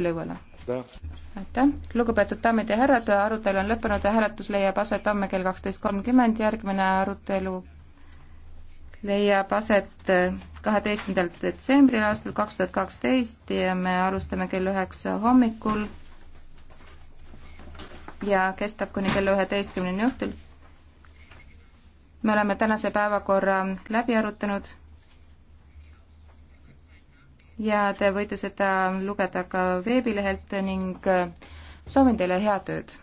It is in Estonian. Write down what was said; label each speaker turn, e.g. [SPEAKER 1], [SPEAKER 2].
[SPEAKER 1] lõuale. aitäh, lugupeetud daamid ja härrad, arutelu on lõppenud ja hääletus leiab aset homme kell kaksteist kolmkümmend, järgmine arutelu leiab aset kaheteistkümnendal detsembril aastal kaks tuhat kaksteist ja me alustame kell üheksa hommikul ja kestab kuni kella üheteistkümneni õhtul. me oleme tänase päevakorra läbi arutanud ja te võite seda lugeda ka veebilehelt ning äh, soovin teile head tööd!